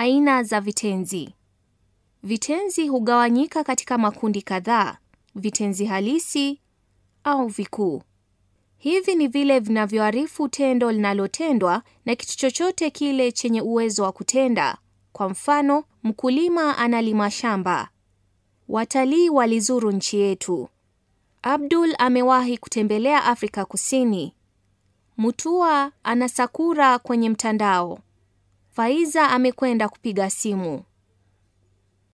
Aina za vitenzi. Vitenzi hugawanyika katika makundi kadhaa: vitenzi halisi au vikuu. Hivi ni vile vinavyoarifu tendo linalotendwa na kitu chochote kile chenye uwezo wa kutenda. Kwa mfano, mkulima analima shamba. Watalii walizuru nchi yetu. Abdul amewahi kutembelea Afrika Kusini. Mutua ana sakura kwenye mtandao. Faiza amekwenda kupiga simu.